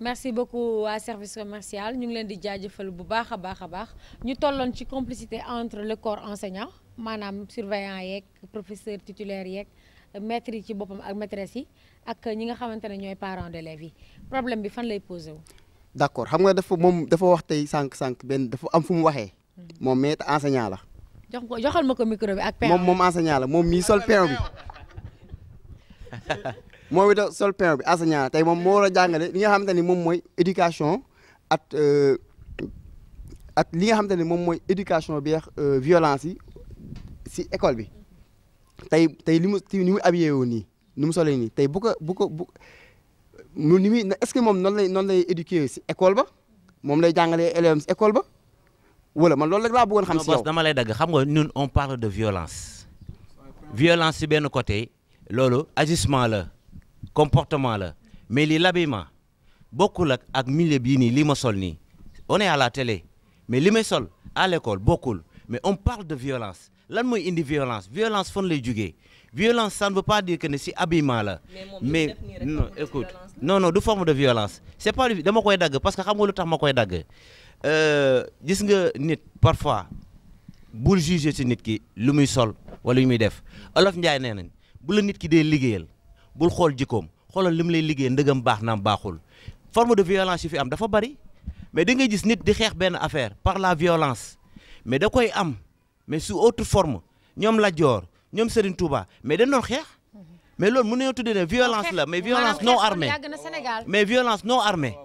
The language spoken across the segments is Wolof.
merci beaucoup waa service commercial ñu ngi leen di jaajëfal bu baax a baax a baax ñu tolloon ci complicité entre le corps enseignant maanaam surveillant yeeg professeur titulaire yeeg maître yi ci boppam ak maîtresse yi ak ñi nga xamante ne ñooy parents d'élèves yi problème bi fan lay posé wu. d'accord xam nga dafa moom dafa wax tey sànq-sànq benn dafa am fu mu waxee. Hmm. moom maître enseignant la. jox ko joxal ma ko micro bi ak. parent moom moom la moom mii sol parent bi. moo it sol pain bi enseignant tey moom moo a jàngale li nga xamante ni moom mooy éducation at euh, at li nga xamante ni moom mooy éducation bi euh, violence yi si école bi tey tey li mu ni mu habillé woon nii ni mu solee nii tey bu ko bu ko bu ni muy est-ce que moom noonu lay noonu lay éduquer si école ba moom lay jàngalee élèves si école ba wala ma loolu rek laa bëggoon xam si yow dama lay dagg xam nga ñun on parle de violence violence si benn côté loolu agissement la comportement la mais li l'habillement bokkul ak ak milieu bii nii li ma sol nii on est la télé mais limay sol à l'école bokkul mais on parle de violence lan mooy indi violence violence fan lay jugee violence ça ne veut pas dire que ne si habillement la mais non écoute non non du forme de violence c'est pas dama koy dagg parce que xam nga lu tax ma koy dagg euh, gis nga nit parfois bul juger ci nit ki lu muy sol wala lu muy def Olof Njaay nee nañ bu nit ki dee liggéeyal bul xool jikkoom xoolal lim lay liggéey ndëgam baax naam baaxul forme de violence yi fi am dafa bari mais da ngay gis nit di xeex benn affaire par la violence mais da koy am mais su autre forme ñoom Lat Joor ñoom Serigne Touba mais da doon xeex mais loolu mën nañoo tuddee ne violence la mais violence non armée mais violence non armée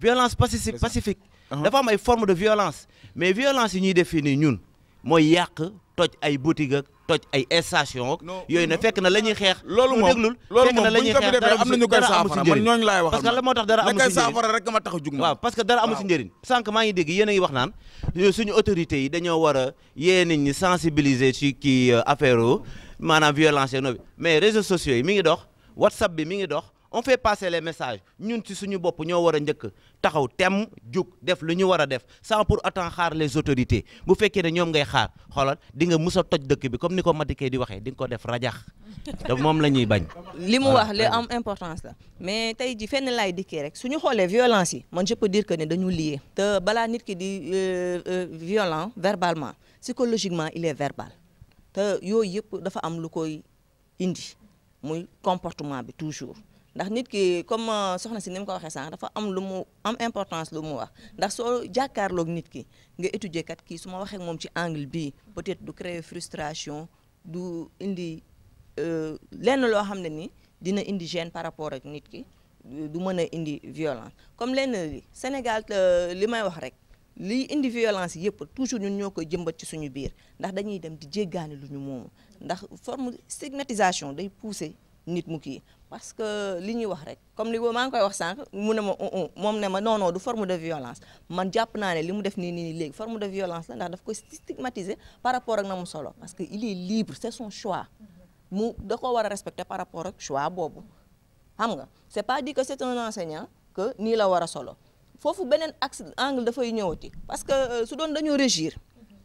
violence pacifique pacifique uh-huh. dafa am ay forme de violence mais violence yi ñuy def fii nii ñun mooy yàq toj ay boutique ak toj ay station yooyu na fekk na la ñuy loolu moom déglul fekk na la ñuy xeex man ñooñu laay wax parce a jug waaw parce que dara amu si njëriñ sànq maa ngi dégg yéen a ngi wax naan suñu autorités yi dañoo war a yee nit ñi sensibiliser ci kii euh, affaire maanaam violence yeeg mais réseaux sociaux yi mi ngi dox whatsapp bi mi ngi dox on fait passer les message ñun si suñu bopp ñoo war a njëkk taxaw temm jug def lu ñu war a def sans pour autant xaar les autorités bu fekkee ne ñoom ngay xaar xoolal di nga mus toj dëkk bi comme ni ko Madické di waxee di nga ko def rajax te moom la ñuy bañ. li mu wax li am importance la mais tey ji fenn laay dikkee rek suñu xoolee violence yi man je peux dire que ne dañu lié. te balaa nit ki di euh, euh, violent verbalement psychologiquement il est verbal te yooyu yëpp dafa am lu koy indi muy comportement bi toujours. ndax nit ki comme euh, soxna si ni mu ko waxee sànq dafa am lu mu am importance lu mu wax ndax soo jàkkaarlook nit ki nga étudier kat kii su ma waxee moom ci angle bii peut-être du créer frustration du indi euh, lenn loo xam ne ni dina indi gêne par rapport ak nit ki du mën a indi violence comme lenn li Sénégal euh, li may wax rek liy indi violence yëpp toujours ñun ñoo ko jëmbat ci suñu biir ndax dañuy dem di jéggaani lu ñu moomu ndax forme stigmatisation day pousser nit mu kii parce que li ñuy wax rek comme li maa ngi koy wax sànq mu ne ma oh, oh, moom ne ma non non du forme de violence man jàpp naa ne li mu def nii nii léegi forme de violence la ndax daf ko stigmatiser par rapport ak na mu solo parce que il est libre c'est son choix mu da koo war a respecter par rapport ak choix boobu xam nga c'est pas dit que c'est un enseignant que nii la war a solo foofu beneen axe angle dafay ñëw ñëwati parce que euh, su doon dañoo régir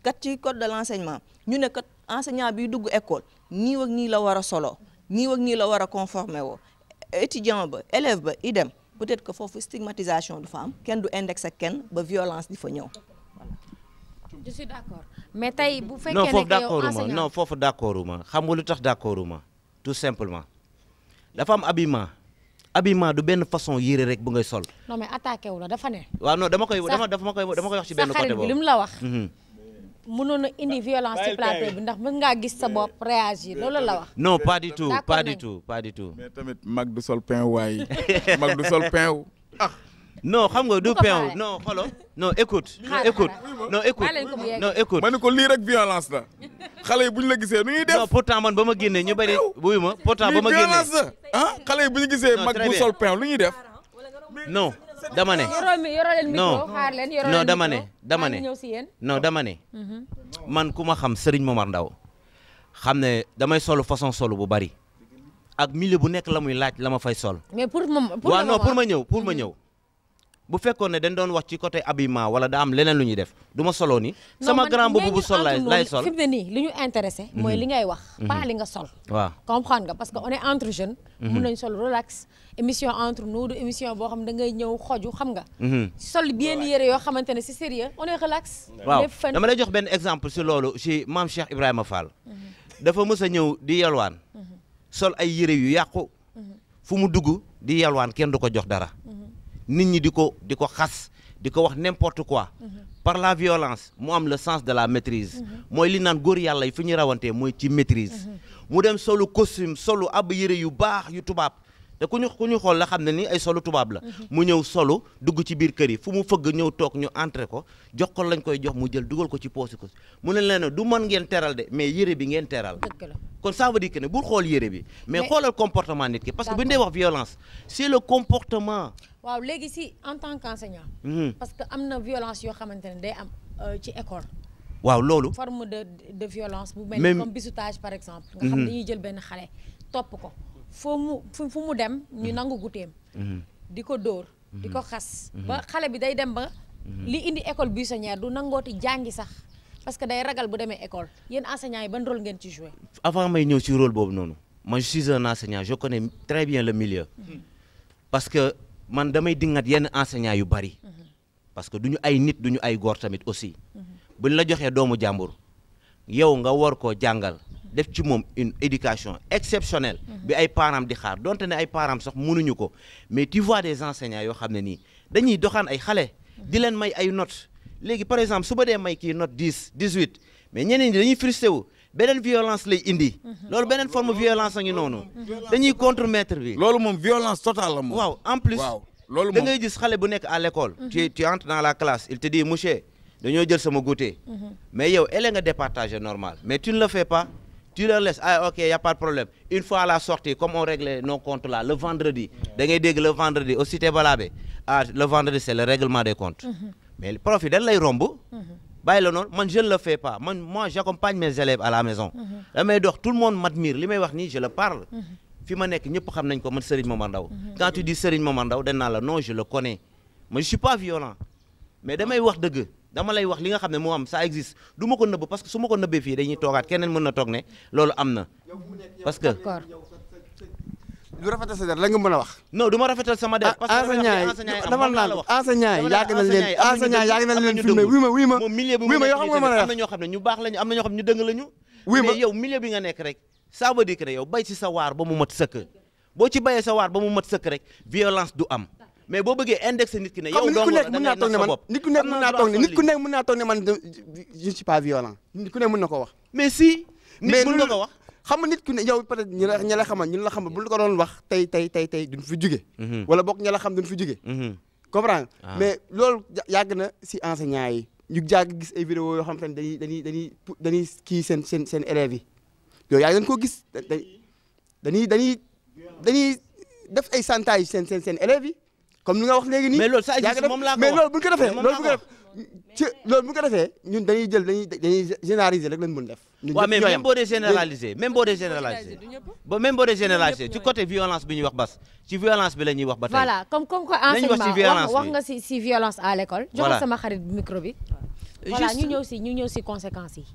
kat ci code de l'enseignement ñu ne kat enseignant bi dugg école nii ak nii la war a solo ñii ak ñii la war a conformé woo étudiant ba élève ba dem peut-être que foofu stigmatisation du fa am kenn du index ak kenn ba violence di fa ñëw voilà. je mais tey bu fekkee non foofu d'accorduma ma xam nga lu tax ma tout simplement dafa am habillement habillement du benn façon yére rek bu ngay sol. non mais attaqué wu la dafa ne. waaw non dama koy dama dama koy dama koy wax ci benn côté boobu mu la wax. Mhm. mënoon na indi violence ci plateau bi ndax mën ngaa gis sa bopp réagir loolu la wax. non pas du tout pas du tout pas du mais tamit mag du sol pain waay mag du sol pain wu ah. non xam nga du pain wu non xolo non écoute. Ah, écoute non écoute non ma ne ko lii rek violence la xale yi bu la gisee nu ñuy def. non pourtant man ba ma génnee ñu bëri wuyu ma pourtant ba ma ah xale yi bu ñu mag du lu ñuy def. non. damane ne non non dama ne dama mhm. ne man ku ma xam sëriñ Momar ndaw xam ne damay solu façon solu bu bari ak milieu bu nekk la muy laaj la ma fay sol. mais pour moom ma ñëw pour ma ñëw. bu fekkoon ne dañ doon wax ci côté habillement wala daa am leneen lu ñuy def du ma sama grand boobu bu sol lay sol fi mu li ñu intéressé mhm. mooy li ngay wax mhm. pas li nga sol waaw parce que on entre jeunes mhm. mun nañ sol relax émission entre nous du émission boo xam da ngay ñëw xoju xam nga sol bien yére yoo xamante ne c'est sérieux on est relax waaw dama lay jox benn exemple si loolu si maam Cheikh Ibrahima Fall dafa mës a ñëw di yalwaan sol ay yére yu yàqu fu mu dugg di yalwaan kenn du ko jox dara nit ñi di ko di ko xas di ko wax n'importe quoi mm-hmm. par la violence mu am la sens de la maîtrise mm-hmm. mooy li naan góor yàlla yi fi ñu rawantee mooy ci maîtrise mm-hmm. mu dem solu costume solu ab yére yu baax yu tubaab te ku ñu ku xool la xam ne ni ay solu tubaab la mhm. mu ñëw solu dugg ci biir kër yi fu mu fëgg ñëw toog ñu entré ko jox ko lañ koy jox mu jël dugal ko ci poosi ko mu ne leen du man ngeen teral de mais yére bi ngeen teral kon ça veut ki que ne bul xool yére bi mais xoolal comportement nit ki parce que bu ñu dee wax violence c'est le comportement waaw léegi si en tant qu'enseignant mhm. parce que am na violence yoo xamante ne day am euh, ci école waaw loolu forme de de violence bu mel comme bizutage par exemple nga mhm. xam jël benn xale topp ko foo mu fu mu dem ñu mhm. nangu guteem mhm. di ko dóor di ko mhm. xas ba xale bi day dem ba li indi école buissonnière du nangooti jàngi sax parce que day ragal bu demee école yéen enseignants yi ban rôle ngeen ci joué avant may ñëw si rôle boobu noonu man je suis un enseignant je connais très bien le milieu parce que man damay dingat yenn enseignants yu bari parce que du ñu ay nit du ñu ay gor tamit aussi buñ la joxee doomu jàmbur yow nga war koo jàngal def ci moom une éducation exceptionnelle. Mhm. bi ay parents di xaar donte ne ay parents sax mënuñu ko mais tu vois des enseignants yoo xam ne nii dañuy doxaan ay xale. Mhm. di may ay notes léegi par exemple su dee may kii note dix dix huit mais ñeneen ñi dañuy frustré beneen violence lay indi. Mhm. loolu beneen forme violence a ngi noonu. dañuy contre maître bi. loolu moom violence totale la moom. waaw en plus loolu moom xale bu nekk à l' tu tu dans la classe tu leur laisses ah ok y' a pas de problème une fois à la sortie comme on réglait nos comptes là le vendredi da ngay le vendredi au cité Balabé ah le vendredi c' le règlement des comptes. Mm-hmm. mais prof yi dañ romb. Mm-hmm. bàyyi la noonu man je le fais pas man moi j' accompagne à la maison. Mm-hmm. damay dox tout le monde m'admire li may wax nii je le parle. fi ma nekk ñëpp xam nañ ko man Serigne Momar Ndao. quand tu dis Serigne Momar Ndao dañ naa la non je le connais mais je suis pas mais damay wax dëgg dama lay wax li nga xam ne moo am ça existe du ma ko nëbb parce que su ma ko nëbbee fii dañuy toogaat keneen mën na toog ne loolu am na parce que du rafetal sa der la nga mën a wax non du ma rafetal sama der parce que enseignant yi dama naan a yi yàgg nañ leen enseignant yi yàgg nañ leen filmé nga mën a am na ñoo xam ne ñu am na ñoo xam ne ñu dëng bi nga nekk rek ça veut dire que yow bay ci sa waar ba mu mat sëkk boo ci bayee sa waar ba mu mat sëkk rek violence du am mais boo bëggee indexé nit ki ne yow dong da ngay nax sa bopp nit ku nekk mën naa toog ne man nit ku nekk mën naa toog ne man je suis pas violent nit ku nekk mën na ko wax mais si nit mën na ko wax xam nga nit ku ne yow peut-être ñi la ñi la xamal ñun la xamal bu la ko doon wax tey tey tey tey duñ fi jugee mhm. wala boog ñi la xam duñ fi jugee mhm. comprendre ah. mais loolu yàgg na si enseignant yi ñu jàgg gis ay vidéo yoo xam te ne dañuy dañuy dañuy dañuy kii seen seen seen élèves yi yooyu yaa ngi leen ko gis dañuy dañuy dañuy def ay chantage seen seen seen élèves yi comme li nga wax léegi nii. mais loolu ça existe moom laa ko wax mais loolu bu ñu ko defee loolu bu ñu ko def ci loolu bu ñu ko defee ñun dañuy jël dañuy dañuy généraliser rek lañ mën def. ñun ñëpp ñoo yem waaw mais même boo dee généraliser même boo dee généraliser. ba même boo dee généraliser ci côté violence bi ñuy wax bas ci violence bi la ñuy wax ba tey. voilà comme comme que enseignement wax nga si si violence à l'école. voilà jox sama xarit micro bi. voilà ñu ñëw si ñu ñëw si conséquences yi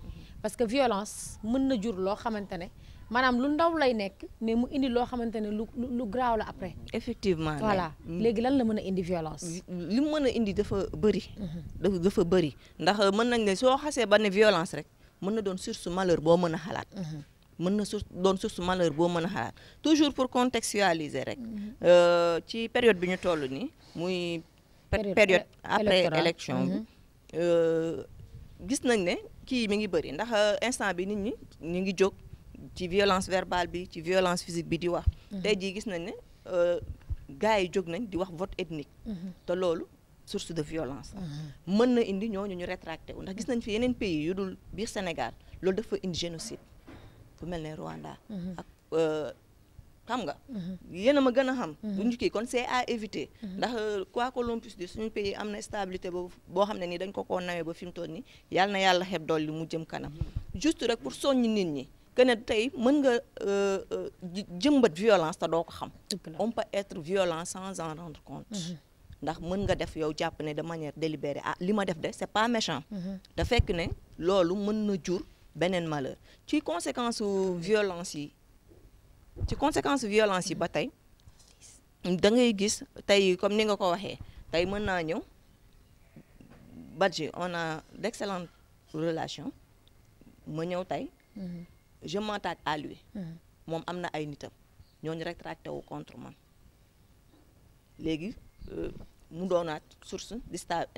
parce que violence mën na jur loo xamante ne maanaam lu ndaw lay nekk mais mu indi loo xamante ne lu lu graaw la après. effectivement voilà mm. léegi lan la mën a indi violence. li mu mën a indi dafa bëri. Mhm. dafa dafa bëri ndax euh, mën nañ ne soo xasee ba ne violence rek mën na doon source malheur boo mën a xalaat. Mhm. mën na source doon source malheur boo mën a xalaat toujours pour contextualiser rek. Mhm. Euh, ci période bi ñu toll nii muy. période après élection bi. Euh, gis nañ ne kii mi ngi bëri ndax instant bi nit ñi ñu ngi jóg. ci violence verbal bi ci violence physique bi di wax. Mhm. tey jii gis nañ ne euh, gars yi jóg nañ di wax vote ethnique. Mhm. te loolu source de violence. Mhm. mën na indi ñooñu ñu rétracté wu ndax gis nañ fi yeneen pays yu dul biir Sénégal loolu dafa indi génocide bu mel ne Rwanda. ak euh, xam nga. yéen a ma gën a xam. bu ñu kii kon c'est à éviter. ndax euh, quoi que l'on puisse dire suñu pays am na stabilité boobu boo xam ne nii dañ ko koo nawee ba fi mu toll nii yàlla na yàlla xeb dool li mu jëm kanam. juste rek pour soññ nit ñi. que ne tey mën nga euh, euh, jëmbat violence te doo ko xam. on peut être violent sans en rendre compte. Mhm. ndax mën nga def yow jàpp ne de manière délibérée ah li ma def de c'est pas méchant. te mhm. fekk ne loolu mën na jur beneen malheur ci conséquence violence yi ci conséquence violence yi ba tey da ngay gis tey comme ni nga ko waxee tey mën naa ñëw Badji on a d'excellentes relations ma ñëw tey. Mhm. je m'attaque à lui. Hmm. moom am na ay nitam ñooñu rétracté wu contre man léegi euh, mu doonaat source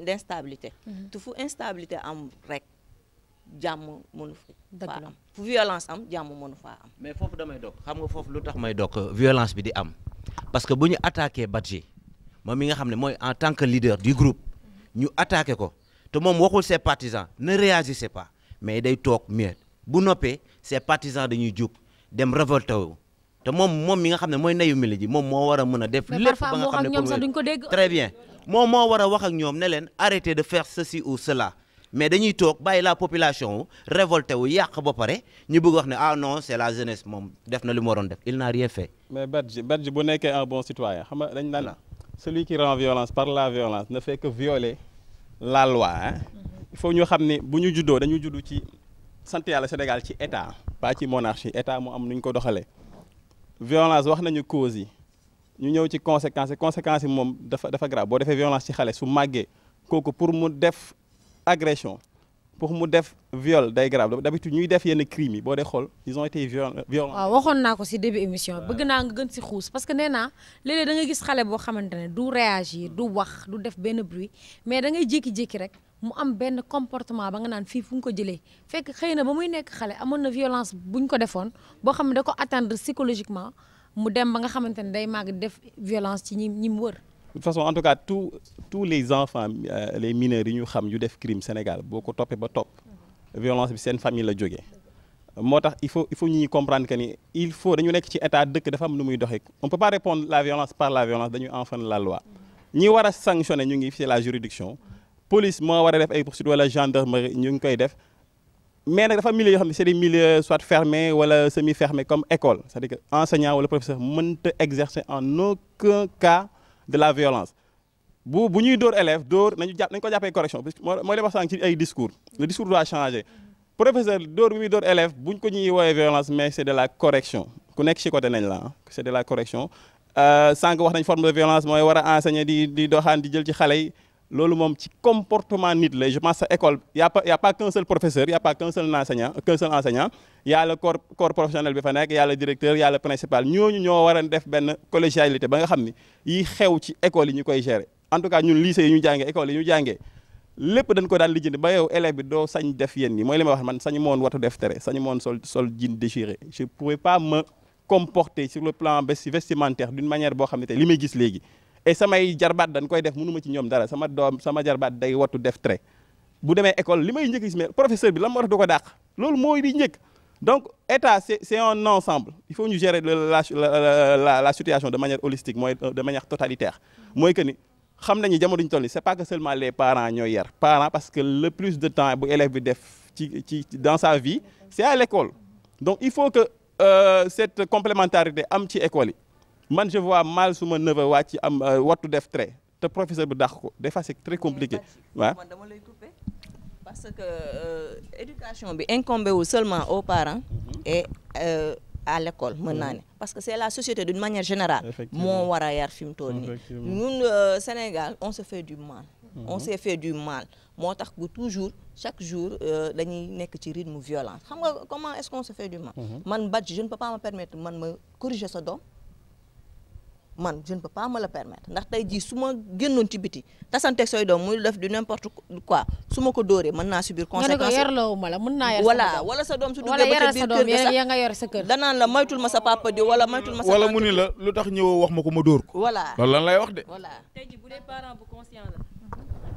d'instabilité. Hmm. te fu instabilité am rek jàmm mënu fa am fu violence am jàmm mënu faa am. mais foofu damay dog xam nga foofu lu tax may dog violence bi di am parce que bu ñu attaqué Badji moom mi nga xam ne mooy en tant que leader du group ñu attaqué ko te moom waxul ses partisans ne réagissez pas mais day toog mieux. bu noppee ces partisans dañuy jóg dem révolté wu te moom moom mi nga xam ne mooy nayu mili ji moom moo war a mën a def lépp ba nga xam ne ñoom sax duñ ko dégg très bien moom moo war a wax ak ñoom ne leen arrêtez de faire ceci ou cela mais dañuy toog bàyyi la population wu révolté wu yàq ba pare ñu bëgg wax ne ah non c'est la jeunesse moom def na li mu waroon def il n'a rien fait mais Badji Badji bu nekkee un bon citoyen xam nga dañ naan celui qui rend violence par la violence ne la loi hein il faut ñu xam ne bu ñu juddoo dañu juddu ci sant yàlla Sénégal ci état pas ci monarchie état mu am nu ñu ko doxalee violence wax nañu cause yi ñu ñëw ci conséquence conséquence yi moom dafa dafa grave boo defee violence ci xale su màggee kooku pour mu def agression pour mu def viol day grave d'habitude ñuy def yenn crimes yi boo dee xool ils ont été violents. waaw waxoon naa ko si début émission bëgg naa nga gën si xuus parce que neena naa léeg da nga gis xale boo xamante ne du réagir du wax du def benn bruit mais da ngay jékki-jékki rek. mu am benn comportement ba nga naan fii fu ñu ko jëlee fekk xëy na ba muy nekk xale amoon na violence buñ ko defoon boo xam ne da ko atteindre psychologiquement mu dem ba nga xamante ne day màgg def violence ci ñi mu wër. de toute façon en tout cas tous tous les enfants euh, les mineurs yi ñu xam yu def crime Sénégal boo ko toppee ba topp violence bi seen famille la jógee. moo tax il faut il faut ñuy comprendre ni il faut dañu nekk ci état dëkk dafa am nu muy doxee on peut pas répondre la violence par la violence dañuy enfreindre la loi war a sanctionner ngi la juridiction police moo war a def ay poursuites wala gendarmerie ñu ngi koy def mais nag dafa milieu yoo xam ne c'est des milieux soit fermés wala semi fermés comme école c'est-à-dire que enseignant wala professeur mënta exercer en aucun cas de la violence bu bu ñuy dóor élève dóor nañu jàpp nañu ko jàppee correction parce que mooy li wax sànq ci ay discours le discours doit changer professeur dóor bi muy dóor élève buñ ko ñuy woowee violence mais c'est de la correction ku nekk ci côté nañ la ah c'est de la correction euh, sànq mooy war a enseigner di di doxaan di jël ci xale yi loolu moom ci comportement nit la je pense sa école y' a pas y' a pas qu'un seul a pas qu'un seul enseignant qu'un enseignant y' a corps corps professionnel bi fa nekk y' a directeur y' a le principal ñooñu ñoo war a def benn collégialité ba nga xam ni yi xew ci école yi ñu koy gérer en tout cas ñun lycée yi ñu jàngee école yi ñu jàngee lépp dañ ko daan lijjanti ba yow élève bi doo sañ def yéen ñi mooy li may wax man sañu moon watu def tere sañu moon sol sol jean déchiré je le plan vestimentaire d'une manière boo xam ne li may gis léegi et samay jarbaat dañ koy def mënu ma ci ñoom dara sama doom sama jarbaat day wattu def trait bu demee école li may njëkk gis mais professeur bi lan moo tax du ko dàq loolu mooy di njëkk donc état c'est c'est un ensemble il faut ñu gérer la la la situation de manière holistique mooy euh, de manière totalitaire mooy que ni xam nañu jamono ñu toll c'est pas que seulement les parents ñooy yar parents parce que le plus de temps bu élève bi def ci ci dans sa vie c'est à l'école donc il faut que euh, cette complémentarité am ci école yi man je vois mal suma waa ci am euh, wattu def trait te professeur bi dàq ko des fois c'est très compliqué waaw dama lay couper parce que euh, éducation bi incombé wu seulement au parents mhm. et euh, à l'école mën naa ne mhm. parce que c'est la société d'une manière générale moo war a yar fi mu toll nii Sénégal on se fait du mal mhm. on s'est fait du mal moo tax gu toujours chaque jour dañuy nekk ci rythme violence xam nga comment est-ce qu'on se fait du mal man Badji je ne peux permettre man ma corriger sa doom man je ne peux pas me permettre ndax tey jii su ma génnoon ci biti tasante sooy doom muy def du n'importe quoi su ma ko dóoree mën naa subir conséquence voilà wala sa doom su duggee ba ci biir kër danaan la maytul ma sa papa di wala maytul ma sa wala mu ni la lu tax ñëwoo wax ma ko ma dóor ko voilà loolu lan lay wax de voilà tey jii bu dee parent bu conscient la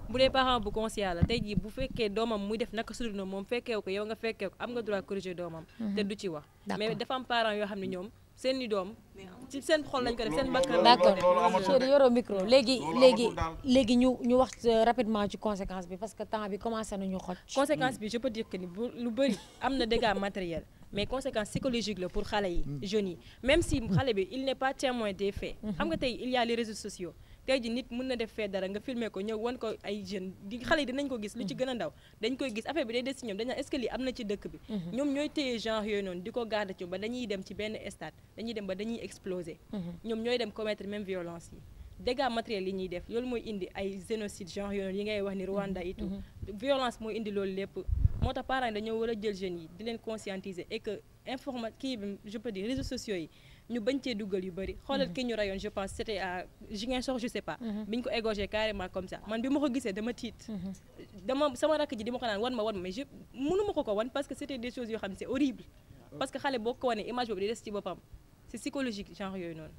bu dee parent bu conscient la tey jii bu fekkee doomam muy def naka sudul noonu moom fekkee ko yow nga fekkee ko am nga droit corriger mhm. wax mais dafa am parent yoo xam ne ñoom seen i doom ci seen xol lañ ko def seen bakkan d'accord chéri yoroo micro léegi léegi léegi ñu ñu wax euh, rapidement ci conséquence bi parce que temps bi commencé nañu xoj conséquence bi je peux dire que ni lu bëri am na dégâts matériels mais conséquence psychologique la pour xale yi mm. jeunes yi même si mm. xale bi il n'est pas témoin des faits mm-hmm. xam nga tey il y a les réseaux sociaux tey ji nit mën na def fee dara nga filmer ko ñëw wan ko ay jeunes di xale yi dinañ ko gis lu ci gën a ndaw dañ koy gis affaire bi day des ci ñoom dañ naan est-ce que lii am na ci dëkk bi mhm. ñoom ñooy téye genre yooyu noonu di ko garder ci ba dañuy dem ci benn stade dañuy dem ba dañuy exploser mhm. ñoom ñooy dem commettre même violence yi dégâts matériels yi ñuy def loolu mooy indi ay génocide genre yooyu yi ngay wax ni Rwanda mhm. et tout violence mooy indi loolu lépp moo tax parents yi dañoo war a jël jeunes yi di leen conscientiser informa kii bi je peux dire réseaux sociaux yi ñu bañ cee dugal yu bëri xoolal mhm. ki ñu rayoon je pense c'était à Ziguinchor je sais pas mhm. biñ ko égorgé carrément comme ça man bi ma ko gisee dama tiit mhm. dama sama rakk ji di ma ko naan wan ma wan ma mais je ko ko wan parce que c'était des choses yoo xam ne c'est horrible ah. parce que xale boo ko wanee image boobu di des ci boppam c'est psychologique genre yooyu noonu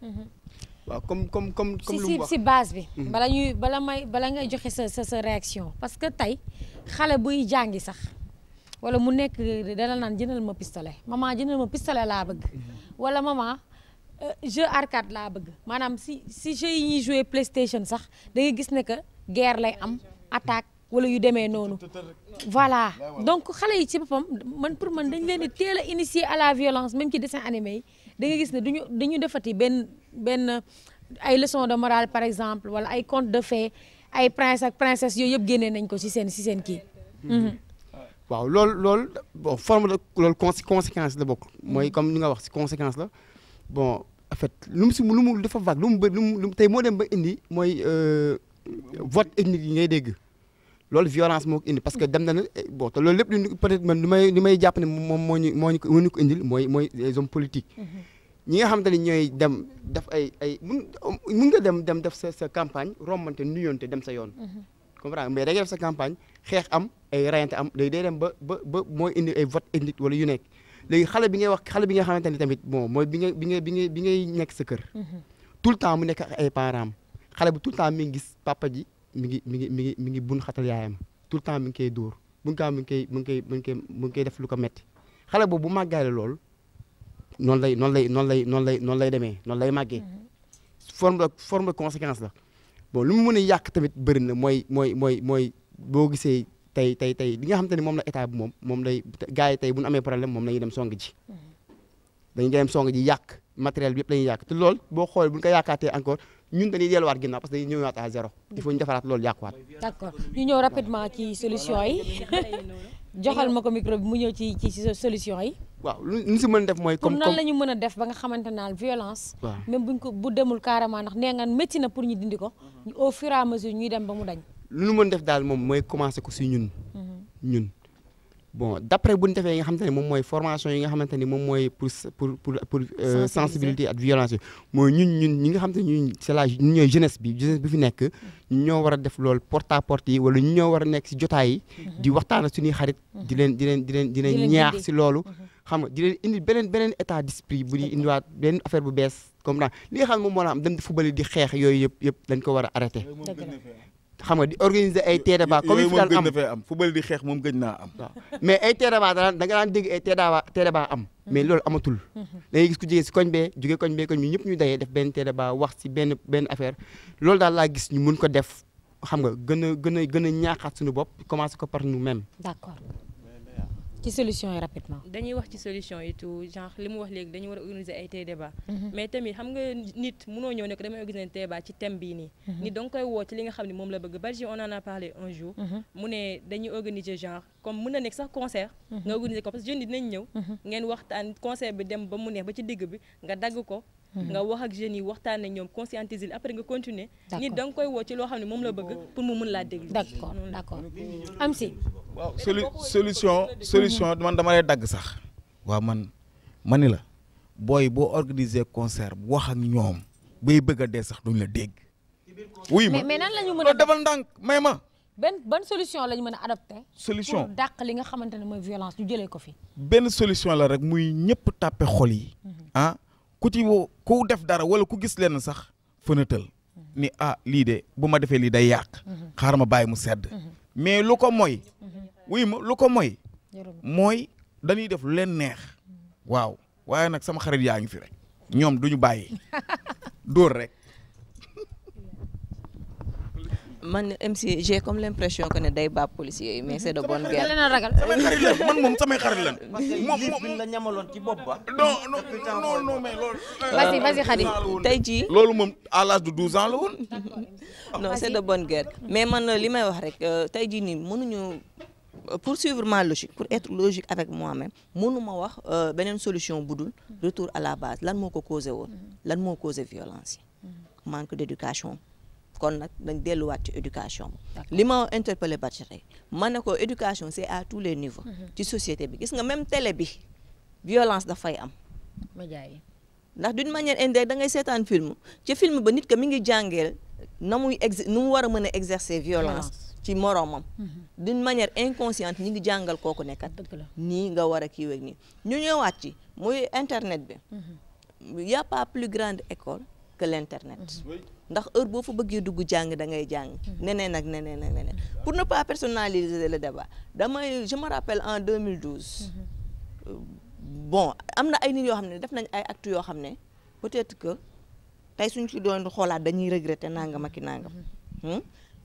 waaw comme comme comme si base bi bala ñuy bala ngay joxe sa sa sa réaction parce que tey xale buy jàngi sax wala mu nekk dana naan jëndal ma pistolet maman jëndal ma pistolet laa bëgg Euh, jeu arcade laa bëgg maanaam si si jeu yi ñuy jouer PlayStation sax da gis ne que guerre lay am attaque wala yu demee noonu voilà donc xale yi ci boppam man pour man dañ leen di teel a initier à la violence même ci dessin animé yi da nga gis ne duñu dañu defati benn benn ay leçon de morale par exemple wala ay conte de fées ay prince ak princesse yooyu yëpp génne nañ ko si seen si seen kii mhm. waaw loolu loolu bon forme de loolu conséquence la bokk mooy comme ni nga wax si conséquence la bon en fait lu mu si lu mu dafa vague lu mu bëri lu mu tey moo dem ba indi mooy euh, vote ethnique yi ngay dégg loolu violence moo ko indi parce que dem na ne eh, bon loolu lépp lu être man li may li may jàpp ne moom moo ñu moo ko moo ko indil mooy mooy les hommes politiques. Mm-hmm. ñi nga xamante ni ñooy dem def ay ay mun mun dem dem def sa sa campagne rombante te dem sa yoon. Mm-hmm. comprendre mais da ngay def sa campagne xeex am ay rayante am day day dem ba ba ba mooy indi ay vote ethnique wala yu nekk. léegi xale bi ngay wax xale bi nga xamante ni tamit bon mooy bi nga bi nga bi nga bi ngay nekk sa kër tout le temps mu nekk ay parents am xale bi tout le temps mi ngi gis papa ji mi ngi mi ngi mi ngi mi ngi yaayam tout le temps mi ngi koy dóor bu ñu ko mi ngi koy mi ngi koy mi koy mi lu ko metti xale boobu bu màggaale lool noonu lay noonu lay noonu lay noonu lay noonu lay demee noonu lay màggee forme de forme de conséquence la bon lu mu mën a yàq tamit bëri na mooy mooy mooy mooy boo gisee tey tey tey li nga xam te ne moom la état moom moom lay gars tey bu ñu amee problème moom la ñuy dem song ji dañuy dem song ji yàq matériel bi yëpp la ñuy boo xoolee bu ñu ko yaakaatee encore ñun dañuy ñu ñëw rapidement ci solution yi joxal ma ko micro mu ñëw ci solution yi. waaw si mën a def mooy. comme nan la mën a def ba nga xamante violence. waaw même buñ demul carrément ndax nee nga métti na pour ñu dindi ko. au fur et à mesure dem ba mu dañ lu nu mën def daal moom mooy commencé ko si ñun. Mm-hmm. ñun bon d' bu ñu defee nga xam ne moom mooy formation yi nga xamante ni moom mooy pour pour pour pour. Euh, sensibilité ak violence yi mooy ñun ñun ñi nga xamante ne ñun c' est la ñun ñooy jeunesse bi bi fi nekk. Mm-hmm. ñoo war a def loolu porte à wala ñoo war a nekk si jotaay yi. Mm-hmm. di waxtaan ak suñuy xarit. di leen di leen di leen di ñaax si loolu. xam di indi beneen beneen état d' bu ñuy indiwaat beneen affaire bu bees comme li nga xam ne moom moo la am di xeex yooyu yëpp yëpp dañ ko war a arrêté. xam nga di organiser ay tee ba comme fi daan am am fu di xeex moom gën naa am mais ay tee daba daan da nga daan dégg ay tee daba tee daba am mm-hmm. mais loolu amatul mm-hmm. da ngay gis ku jógee si koñ bee jógee koñ bee koñ bi ñëpp ñu dayee def benn tee daba wax si benn benn affaire loolu daal laa gis ñu mun ko def xam nga gën a gën a gën a ñaaxaat suñu bopp commencer ko par nous meme d'accord ci solution yi rapidement. dañuy wax ci solution yi tout genre li mu wax léegi dañu war a organiser ay tey mhm. mais tamit xam nga nit mënoo ñëw nekk damay organiser débat ci thème bii nii. Mhm. nit da koy woo ci li nga xam ne moom la bëgg Badji on en a parlé un jour. Mhm. mu ne dañuy organiser genre comme mën na nekk sax concert. nga organiser ko parce que jeunes yi dinañ ñëw. ngeen waxtaan concert bi dem ba mu neex ba ci digg bi nga dagg ko. Mm-hmm. nga wax ak jeunes yi waxtaan ak ñoom conscientiser après nga continuer nit da nga koy woo ci loo xam ne moom la bëgg pour mu mën laa déglu d'accord d'accord am si waaw solution solution mm-hmm. man dama lay dagg sax waaw man ma ni la booy boo organiser concert wax ak ñoom bay bëgg a dee sax duñ la dégg oui ma mais nan la ñu a defal ndànk may ma benn ban solution la ñu mën a adopté. solution pour dàq li nga xamante ne mooy violence ñu jëlee ko fi. benn solution la rek muy ñëpp tàppe xol yi. Mm-hmm. Ah, ku ci ku def dara wala ku gis lenn sax fënatal mm-hmm. ni a ah, lii de bu ma defee lii day yàq mm-hmm. xaaral ma bàyyi mu sedd mm-hmm. mais lu ko mooy wuy ma lu ko mooy mooy dañuy def lu leen neex waaw waaye nag sama xarit yaa ngi fi rek ñoom duñu bàyyi dóor rek man MC j'ai comme l'impression que ne day baab policiers yi mais c'est de bonne guerre. samay xarit lan man moom samay xarit lan. moom moom la ñamaloon ci bopp ba. mais euh, tey jii. loolu moom à l'âge de 12 ans de bonne guerre mais man li may wax rek euh, tey jii nii mënuñu. Euh, pour suivre ma logique pour être logique avec moi-même ma wax beneen solution bu dul retour à la base lan moo ko causé woon mm-hmm. lan moo causé violence mm-hmm. manque d'éducation kon nag dañ delluwaat ci éducation li ma interpellé Bathily ma ne ko éducation c'est à tous les niveaux mm-hmm. ci société bi gis nga même télé bi violence dafay am média yi ndax d'une manière indirecte da ngay seetaan film ci film ba nit ka mi ngi jàngeel na muy ex nu mu war a mën a exercer violence ci moroomam mm-hmm. d'une manière inconsciente ñu ngi jàngal kooku nekkat nii nga war a kiiweeg nii ñu ñëwaat ci muy internet bi mm-hmm. y pas plus grande école que l'internet mhm. ndax heure boo fa bëggee dugg jàng dangay jàng mhm. neneen ak neneen ak neneen pour ne pas personnaliser le débat damay je me rappelle en 2012 mhm. euh, bon am na ay nit yoo xam ne def nañ ay actes yoo xam ne peut-être que tey suñ ci doon xoolaat dañuy regretter nangam ak i nangam hmm?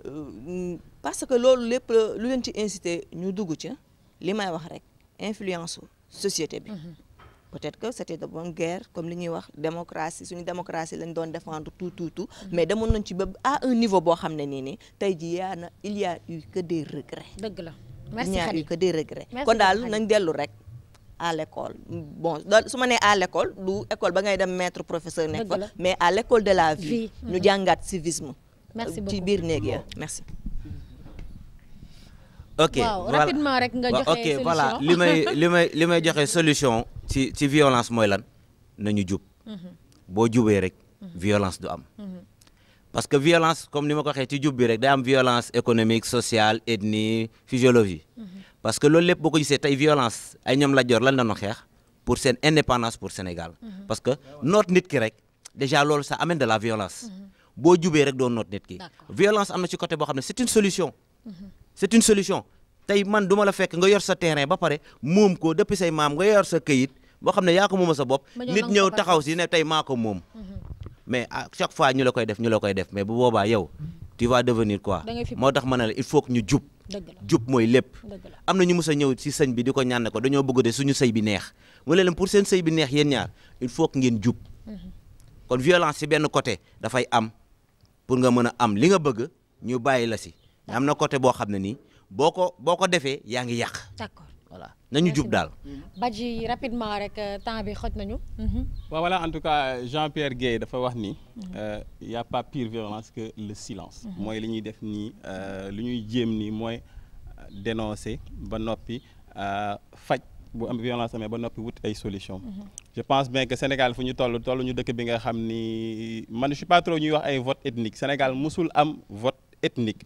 euh, parce que loolu lépp lu leen ci incité ñu dugg ca li may wax rek influence société bi peut-être que c'était de bonne guerre comme li ñuy wax démocratie suñu démocratie lañ doon défendre tout tout tout mm-hmm. mais demoon nañ ci ba à un niveau boo xam ne nii nii tey jii yaa na il y a que des regrets. dëgg la merci Khady il y a eu que des regrets. kon daal nañ dellu rek. à l'école bon su ma nee à l'école du école ba ngay dem maître professeur nekk la mais à l'école de la vie ñu jàngaat civisme ci biir néeg ya merci ok waaw rapidement rek nga joxe ok voilà li may li may li may joxe solution ci ci violence mooy lan nañu jub mhm. boo jubee rek mhm. violence du am mhm. parce que violence comme ni ma ko waxee ci jub bi rek day am violence économique sociale ethnie physiologie parce que loolu lépp boo ko gisee tey violence ay ñoom la jor lan la xeex pour seen indépendance pour Sénégal parce que noot nit ki rek déjà lool ça amène de la violence boo jubee rek doo noot nit ki violence am na ci côté boo xam ne c'est une c'est une solution tey man duma la fekk nga yor sa terrain ba pare moom ko depuis say maam nga yor sa kayit boo xam ne yaa ko sa bopp nit ñëw taxaw si ne tey maako ko moom mm-hmm. mais a chaque fois ñu la koy def ñu la koy def mais bu boobaa yow tu vas devenir moo tax ma ne la il faut ñu jub jub mooy lépp am na ñu mës a ñëw si sañ bi di ko ñaan ne ko dañoo bëgg de suñu say bi neex mu ne leen pour seen say bi neex yéen ñaar il faut ngeen jub mm-hmm. kon violence si benn côté dafay am pour nga mën a am li nga bëgg ñu bàyyi la si am na côté boo xam ne nii boo ko boo ko defee yaa ngi yàq. d'accord voilà nañu jub daal. Badji rapidement rek euh, temps bi xoj nañu. Mm-hmm. waaw en tout cas Jean-Pierre Guèye dafa wax ni. Mm-hmm. Euh, y a pas pire violence que le silence. Mm-hmm. mooy li ñuy def nii euh, lu ñuy jéem nii mooy dénoncer ba noppi faj. bu am violence amee ba noppi wut ay solution je pense bien que Sénégal fu ñu toll toll ñu dëkk bi nga xam ni man je suis ñuy wax ay vote ethnique Sénégal mosul am vote ethnique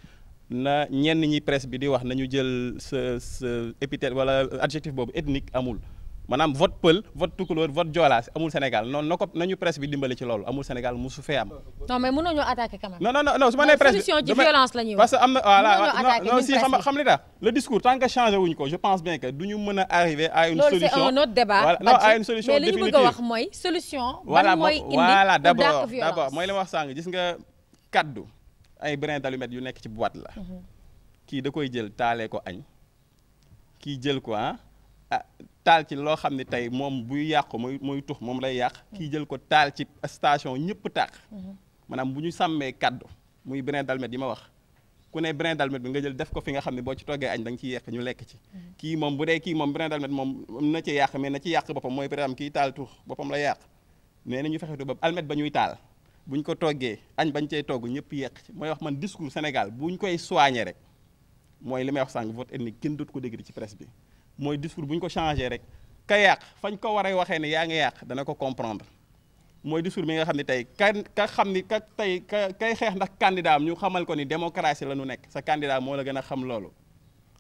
na ñenn ñi presse bi di wax nañu jël sa sa épithète wala adjectif boobu ethnique amul maanaam vote pël vote tukulóor vote joolaas amul Sénégal noonu na ko nañu presse bi dimbali ci loolu amul Sénégal musu fee am. non mais mënoo ñoo attaqué quand même. su ma nee presse bi solution violence la wax. parce am na voilà non xam xam discours tant que changé wuñ ko je pense bien que duñu mën a arriver à une solution loolu débat. voilà non une solution définitive mais li ñu bëgg a wax mooy solution. ban mooy indi voilà d'abord d'abord mooy li wax sànq gis nga kaddu. ay brin d'allumette yu nekk ci boîte la. Mhm. kii da koy jël taale ko añ. kii jël ko ah, ah taal ci loo xam ne tey moom buy yàqu muy muy tux moom lay yàq. Mhm. kii jël ko taal ci station ñëpp tàq. Mhm. maanaam bu ñu sàmmee kaddu muy brin d'allumette yi ma wax. ku ne brin d'allumette bi nga jël def ko fi nga xam ne boo ci toggee añ da nga ciy ñu lekk ci kii moom bu dee kii moom brin d'allumette moom na ci yàq mais na ci yàq boppam mooy par exemple kii taal tuux boppam la yàq mais na ñu fexe ba almet ba ñuy taal bu ñu ko toggee añ bañ cay togg ñëpp yeq ci mooy wax man discours Sénégal buñ koy soigné rek mooy li may wax sànq vote ethnique kenn doot ko dégg ci presse bi mooy discours bu ñu ko changé rek ka yàq fañ ko war a waxee ne yaa ngi yàq dana ko comprendre mooy discours bi nga xam ne tey ka ka xam ni ka tey ka kay xeex ndax candidat ñu xamal ko ni démocratie la ñu nekk sa candidat moo la gën a xam loolu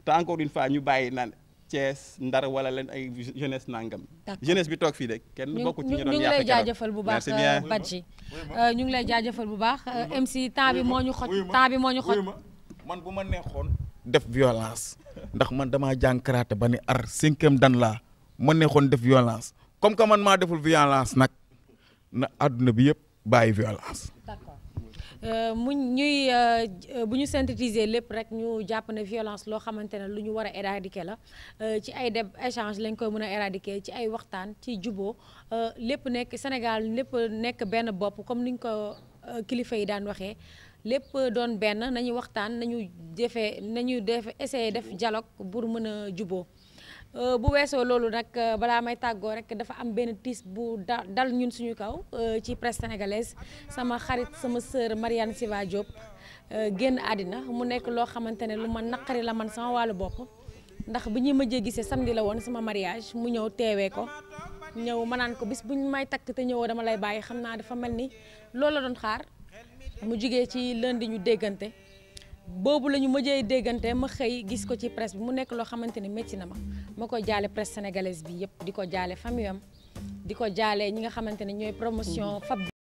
te encore une fois ñu bàyyi naan Thiès Ndar wala leen ay jeunesse nangam. jeunesse bi toog fii rek kenn bokku ci ñu doon yàq lay jaajëfal bu baax euh, Badji euh, ñu ngi lay jaajëfal bu baax euh, MC temps bi moo ñu xoj temps bi moo ñu xoj man bu ma neexoon def violence ndax man damaa jàng karaté ba ni ar cinquième dan laa ma neexoon def violence comme que man maa deful violence nag na àdduna bi yëpp bàyyi violence Euh, mu ñuy euh, bu ñu synthétiser lépp rek ñu jàpp ne violence loo xamante ne lu ñu war a éradiquer la euh, ci ay deb échange lañ koy mën a éradiquer ci ay waxtaan ci juboo lépp nekk Sénégal lépp nekk benn bopp comme ni ñu ko kilifa yi daan waxee lépp doon benn nañu waxtaan nañu defee nañu def essayer def dialogue pour mën a juboo Euh, bu weesoo loolu nag euh, balaa may tàggoo rek dafa am benn tiis bu da dal ñun suñu kaw euh, ci presse sénégalaise sama xarit sama sœur Marianne Siva Diop génn àddina mu nekk loo xamante ne lu ma naqari la man sama wàllu bopp ndax bi ñuy mujjee gisee samedi la woon sama mariage mu ñëw teewee ko ñëw ma naan ko bis bu ñu may takk te ñëwoo dama lay bàyyi xam naa dafa mel ni loolu la doon xaar mu jugee ci lundi ñu déggante. boobu la ñu mëjee déggante ma xëy gis ko ci presse bi mu nekk loo xamante ni métti na ma ma ko jaalee presse sénégalaise bi yëpp di ko jaale famille am di ko jaalee ñi nga xamante ne ñooy promotion fab